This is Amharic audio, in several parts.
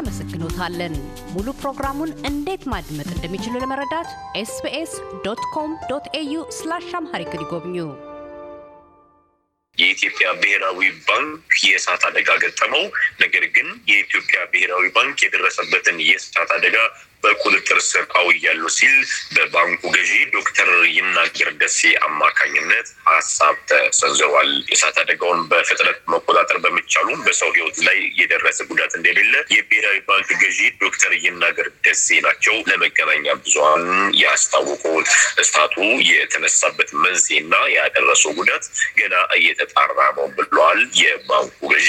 እናመሰግኖታለን። ሙሉ ፕሮግራሙን እንዴት ማድመጥ እንደሚችሉ ለመረዳት ኤስቢኤስ ዶት ኮም ዶት ኤዩ ስላሽ አምሃሪክ ይጎብኙ። የኢትዮጵያ ብሔራዊ ባንክ የእሳት አደጋ ገጠመው። ነገር ግን የኢትዮጵያ ብሔራዊ ባንክ የደረሰበትን የእሳት አደጋ በቁጥጥር ስር አውያሉ ሲል በባንኩ ገዢ ዶክተር ይናገር ደሴ አማካኝነት ሀሳብ ተሰንዝሯል። የእሳት አደጋውን በፍጥነት መቆጣጠር በመቻሉም በሰው ህይወት ላይ የደረሰ ጉዳት እንደሌለ የብሔራዊ ባንክ ገዢ ዶክተር ይናገር ደሴ ናቸው ለመገናኛ ብዙሃን ያስታወቁት። እሳቱ የተነሳበት መንስኤና ያደረሰው ጉዳት ገና እየተጣራ ነው ብለዋል የባንኩ ገዢ።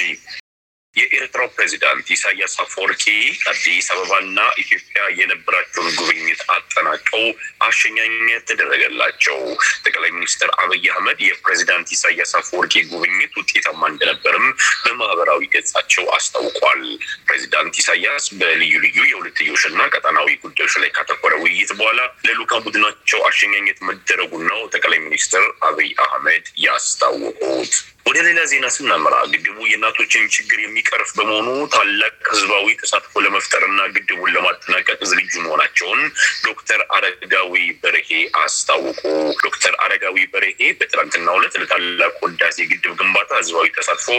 የኤርትራው ፕሬዚዳንት ኢሳያስ አፈወርቂ አዲስ አበባና ኢትዮጵያ የነበራቸውን ጉብኝት አጠናቀው አሸኛኘት ተደረገላቸው። ጠቅላይ ሚኒስትር አብይ አህመድ የፕሬዚዳንት ኢሳያስ አፈወርቂ ጉብኝት ውጤታማ እንደነበርም በማህበራዊ ገጻቸው አስታውቋል። ፕሬዚዳንት ኢሳያስ በልዩ ልዩ የሁለትዮሽና ቀጠናዊ ጉዳዮች ላይ ካተኮረ ውይይት በኋላ ለልዑካን ቡድናቸው አሸኛኘት መደረጉ ነው ጠቅላይ ሚኒስትር አብይ አህመድ ያስታወቁት። ወደ ሌላ ዜና ስናመራ ግድቡ የእናቶችን ችግር የሚቀርፍ በመሆኑ ታላቅ ህዝባዊ ተሳትፎ ለመፍጠርና ግድቡን ለማጠናቀቅ ዝግጁ መሆናቸውን ዶክተር አረጋዊ በርሄ አስታወቁ። ዶክተር አረጋዊ በርሄ በትናንትናው ዕለት ለታላቁ ህዳሴ ግድብ ግንባታ ህዝባዊ ተሳትፎ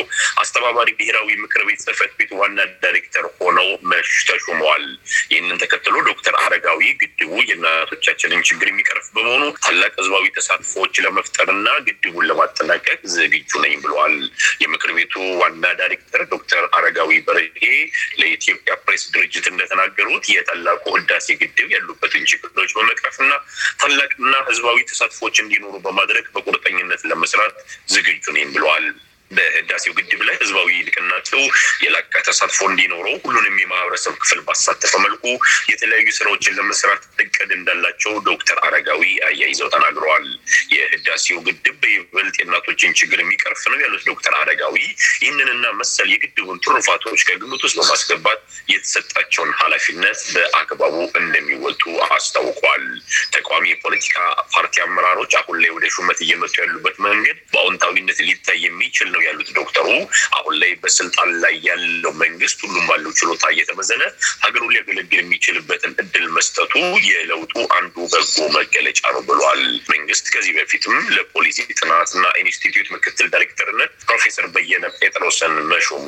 አስተባባሪ ብሔራዊ ምክር ቤት ጽህፈት ቤት ዋና ዳይሬክተር ሆነው መሽ ተሹመዋል። ይህንን ተከትሎ ዶክተር አረጋዊ ግድቡ የእናቶቻችንን ችግር የሚቀርፍ በመሆኑ ታላቅ ህዝባዊ ተሳትፎዎች ለመፍጠርና ግድቡን ለማጠናቀቅ ዝግጁ ነኝ ነኝ ብለዋል። የምክር ቤቱ ዋና ዳይሬክተር ዶክተር አረጋዊ በርሄ ለኢትዮጵያ ፕሬስ ድርጅት እንደተናገሩት የታላቁ ህዳሴ ግድብ ያሉበትን ችግሮች በመቅረፍና ታላቅና ህዝባዊ ተሳትፎች እንዲኖሩ በማድረግ በቁርጠኝነት ለመስራት ዝግጁ ነኝ ብለዋል። በህዳሴው ግድብ ላይ ህዝባዊ ንቅናቄው የላቀ ተሳትፎ እንዲኖረው ሁሉንም የማህበረሰብ ክፍል ባሳተፈ መልኩ የተለያዩ ስራዎችን ለመስራት እቅድ እንዳላቸው ዶክተር አረጋዊ አያይዘው ተናግረዋል። የህዳሴው ግድብ ይበልጥ የእናቶችን ችግር የሚቀርፍ ነው ያሉት ዶክተር አረጋዊ ይህንንና መሰል የግድቡን ትሩፋቶች ከግምት ውስጥ በማስገባት የተሰጣቸውን ኃላፊነት በአግባቡ እንደሚወጡ አስታውቋል። ተቃዋሚ የፖለቲካ ፓርቲ አመራሮች አሁን ላይ ወደ ሹመት እየመጡ ያሉበት መንገድ በአዎንታዊነት ሊታይ የሚችል ነው ያሉት ዶክተሩ አሁን ላይ በስልጣን ላይ ያለው መንግስት ሁሉም ባለው ችሎታ እየተመዘነ ሀገሩን ሊያገለግል የሚችልበትን እድል መስጠቱ የለውጡ አንዱ በጎ መገለጫ ነው ብሏል። መንግስት ከዚህ በፊትም ለፖሊሲ ጥናት ጥናትና ኢንስቲትዩት ምክትል ዳይሬክተርነት ፕሮፌሰር በየነ ጴጥሮስን መሾሙ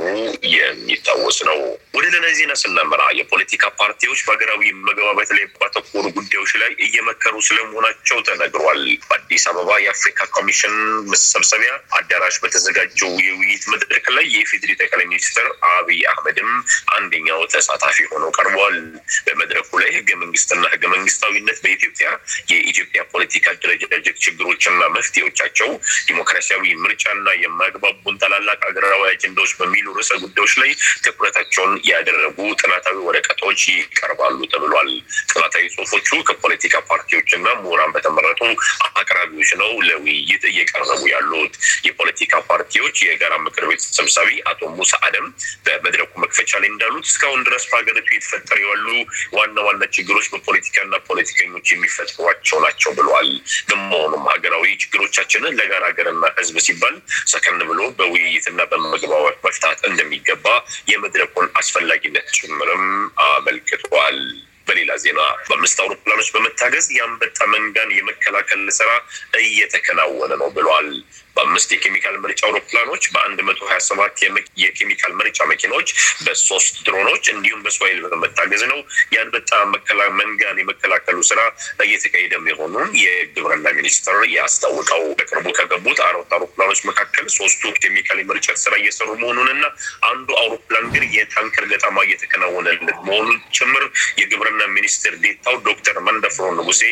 የሚታወስ ነው። ወደ ሌላ ዜና ስናመራ የፖለቲካ ፓርቲዎች በሀገራዊ መግባባት ላይ ባተኮሩ ጉዳዮች ላይ እየመከሩ ስለመሆናቸው ተነግሯል። በአዲስ አበባ የአፍሪካ ኮሚሽን መሰብሰቢያ አዳራሽ በተዘጋጀው የውይይት መድረክ ላይ የኢፌዴሪ ጠቅላይ ሚኒስትር አብይ አህመድም አንደኛው ተሳታፊ ሆነው ቀርቧል። በመድረኩ ላይ ህገ መንግስትና ህገ መንግስታዊነት በኢትዮጵያ የኢትዮጵያ ፖለቲካ አደረጃጀት ችግሮችና መፍትሄዎቻቸው ዲሞክራሲያዊ ምርጫና የማግባቡን ታላላቅ ሀገራዊ አጀንዳዎች በሚሉ ርዕሰ ጉዳዮች ላይ ትኩረታቸውን ያደረጉ ጥናታዊ ወረቀቶች ይቀርባሉ ተብሏል። ጥናታዊ ጽሁፎቹ ከፖለቲካ ፓርቲዎችና ምሁራን በተመረጡ አቅራቢዎች ነው ለውይይት እየቀረቡ ያሉት። የፖለቲካ ፓርቲዎች የጋራ ምክር ቤት ሰብሳቢ አቶ ሙሳ አደም በመድረኩ መክፈቻ ላይ እንዳሉት እስካሁን ድረስ በሀገሪቱ የተፈጠሩ ያሉ ዋና ዋና ችግሮች በፖለቲካና ፖለቲከኞች የሚፈጥሯቸው ናቸው ብለዋል። በመሆኑም ሀገራዊ ችግሮቻችንን ለጋራ ሀገርና ህዝብ ሲባል ሰከን ብሎ በውይይትና በመግባባት መፍታት እንደሚገባ የመድረኩን አስፈላጊነት ጭምርም አመልክቷል። በሌላ ዜና በአምስት አውሮፕላኖች በመታገዝ የአንበጣ መንጋን የመከላከል ስራ እየተከናወነ ነው ብሏል። በአምስት የኬሚካል መርጫ አውሮፕላኖች በአንድ መቶ ሀያ ሰባት የኬሚካል መርጫ መኪናዎች በሶስት ድሮኖች እንዲሁም በእስራኤል በመታገዝ ነው የአንበጣ መንጋን የመከላከሉ ስራ እየተካሄደ መሆኑን የግብርና ሚኒስቴር ያስታወቀው። በቅርቡ ከገቡት አራት አውሮፕላኖች መካከል ሶስቱ ኬሚካል የመርጨት ስራ እየሰሩ መሆኑን እና አንዱ አውሮፕላን ግን የታንከር ገጠማ እየተከናወነለት መሆኑን ጭምር የግብርና ሚኒስቴር ዴታው ዶክተር መንደፍሮ ንጉሴ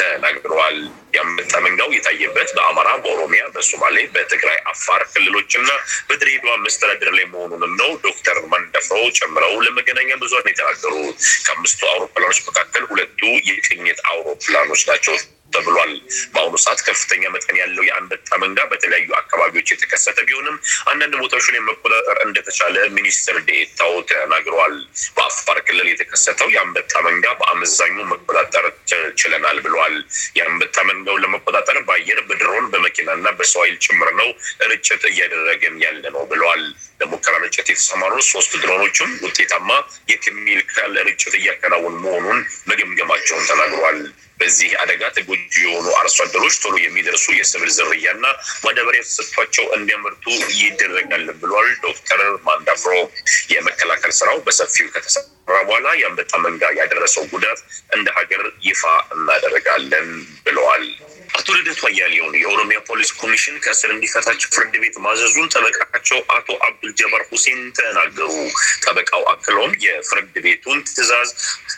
ተናግረዋል። የአንበጣ መንጋው የታየበት በአማራ፣ በኦሮሚያ፣ በሶማ በሶማሌ፣ በትግራይ፣ አፋር ክልሎችና በድሬዳዋ መስተዳድር ላይ መሆኑንም ነው ዶክተር መንደፈው ጨምረው ለመገናኛ ብዙሃን የተናገሩት። ከአምስቱ አውሮፕላኖች መካከል ሁለቱ የቅኝት አውሮፕላኖች ናቸው። ተብሏል። በአሁኑ ሰዓት ከፍተኛ መጠን ያለው የአንበጣ መንጋ በተለያዩ አካባቢዎች የተከሰተ ቢሆንም አንዳንድ ቦታዎች ላይ መቆጣጠር እንደተቻለ ሚኒስትር ዴታው ተናግረዋል። በአፋር ክልል የተከሰተው የአንበጣ መንጋ በአመዛኙ መቆጣጠር ችለናል ብለዋል። የአንበጣ መንጋውን ለመቆጣጠር በአየር በድሮን በመኪናና በሰው ኃይል ጭምር ነው ርጭት እያደረግን ያለ ነው ብለዋል። ርጭት የተሰማሩ ሶስት ድሮኖችም ውጤታማ የኬሚካል ርጭት እያከናወኑ መሆኑን መገምገማቸውን ተናግሯል። በዚህ አደጋ ተጎጂ የሆኑ አርሶ አደሮች ቶሎ የሚደርሱ የሰብል ዝርያና ማዳበሪያ ተሰጥቷቸው እንዲያመርቱ ይደረጋል ብሏል። ዶክተር ማንዳፍሮ የመከላከል ስራው በሰፊው ከተሰራ በኋላ የአንበጣ መንጋ ያደረሰው ጉዳት እንደ ሀገር ይፋ እናደርጋለን ብለዋል። አቶ ልደቱ አያሌውን የኦሮሚያ ፖሊስ ኮሚሽን ከእስር እንዲፈታቸው ፍርድ ቤት ማዘዙን ጠበቃቸው አቶ አብዱል ጀባር ሁሴን ተናገሩ። ጠበቃው አክለውም የፍርድ ቤቱን ትዕዛዝ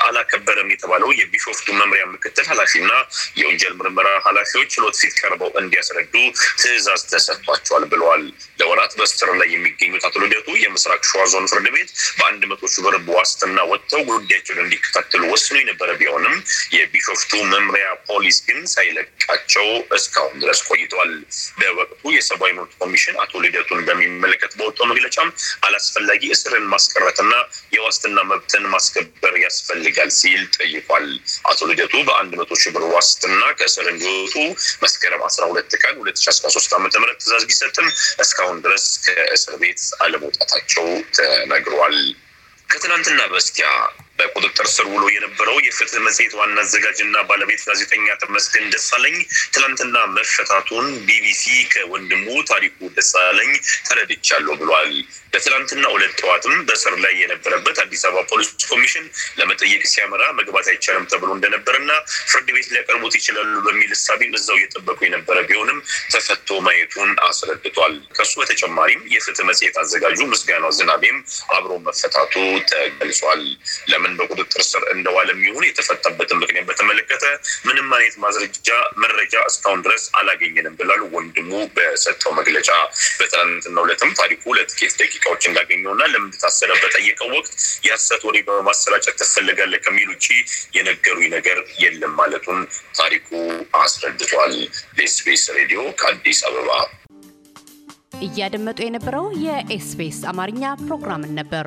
አላከበረም የተባለው የቢሾፍቱ መምሪያ ምክትል ኃላፊና የወንጀል ምርመራ ኃላፊዎች ችሎት ፊት ቀርበው እንዲያስረዱ ትዕዛዝ ተሰጥቷቸዋል ብለዋል። ለወራት በእስር ላይ የሚገኙት አቶ ልደቱ የምስራቅ ሸዋ ዞን ፍርድ ቤት በአንድ መቶ ሺህ ብር ዋስትና ወጥተው ጉዳያቸውን እንዲከታተሉ ወስኖ የነበረ ቢሆንም የቢሾፍቱ መምሪያ ፖሊስ ግን ሳይለቃ ውሳኔያቸው እስካሁን ድረስ ቆይተዋል። በወቅቱ የሰብአዊ መብት ኮሚሽን አቶ ልደቱን በሚመለከት በወጣው መግለጫም አላስፈላጊ እስርን ማስቀረትና የዋስትና መብትን ማስከበር ያስፈልጋል ሲል ጠይቋል። አቶ ልደቱ በአንድ መቶ ሺህ ብር ዋስትና ከእስር እንዲወጡ መስከረም አስራ ሁለት ቀን ሁለት ሺ አስራ ሶስት ዓመተ ምህረት ትእዛዝ ቢሰጥም እስካሁን ድረስ ከእስር ቤት አለመውጣታቸው ተነግሯል። ከትናንትና በስቲያ በቁጥጥር ስር ውሎ የነበረው የፍትህ መጽሔት ዋና አዘጋጅና ባለቤት ጋዜጠኛ ተመስገን ደሳለኝ ትናንትና መፈታቱን ቢቢሲ ከወንድሙ ታሪኩ ደሳለኝ ተረድቻለሁ ብሏል። በትናንትና ሁለት ጠዋትም በስር ላይ የነበረበት አዲስ አበባ ፖሊስ ኮሚሽን ለመጠየቅ ሲያመራ መግባት አይቻልም ተብሎ እንደነበረና ፍርድ ቤት ሊያቀርቡት ይችላሉ በሚል እሳቤም እዛው እየጠበቁ የነበረ ቢሆንም ተፈቶ ማየቱን አስረድቷል። ከሱ በተጨማሪም የፍትህ መጽሔት አዘጋጁ ምስጋና ዝናቤም አብሮ መፈታቱ ተገልጿል። ለምን በቁጥጥር ስር እንደዋለም ይሁን የተፈታበትን ምክንያት በተመለከተ ምንም አይነት ማስረጃ መረጃ እስካሁን ድረስ አላገኘንም ብላሉ ወንድሙ በሰጠው መግለጫ። በትናንትና ሁለትም ታሪኩ ኬት ደቂ ደቂቃዎች እንዳገኘውና ለምን ታሰረ በጠየቀው ወቅት የሀሰት ወሬ በማሰራጨት ትፈለጋለህ ከሚል ውጭ የነገሩኝ ነገር የለም ማለቱን ታሪኩ አስረድቷል። ለኤስቢኤስ ሬዲዮ ከአዲስ አበባ እያደመጡ የነበረው የኤስቢኤስ አማርኛ ፕሮግራምን ነበር።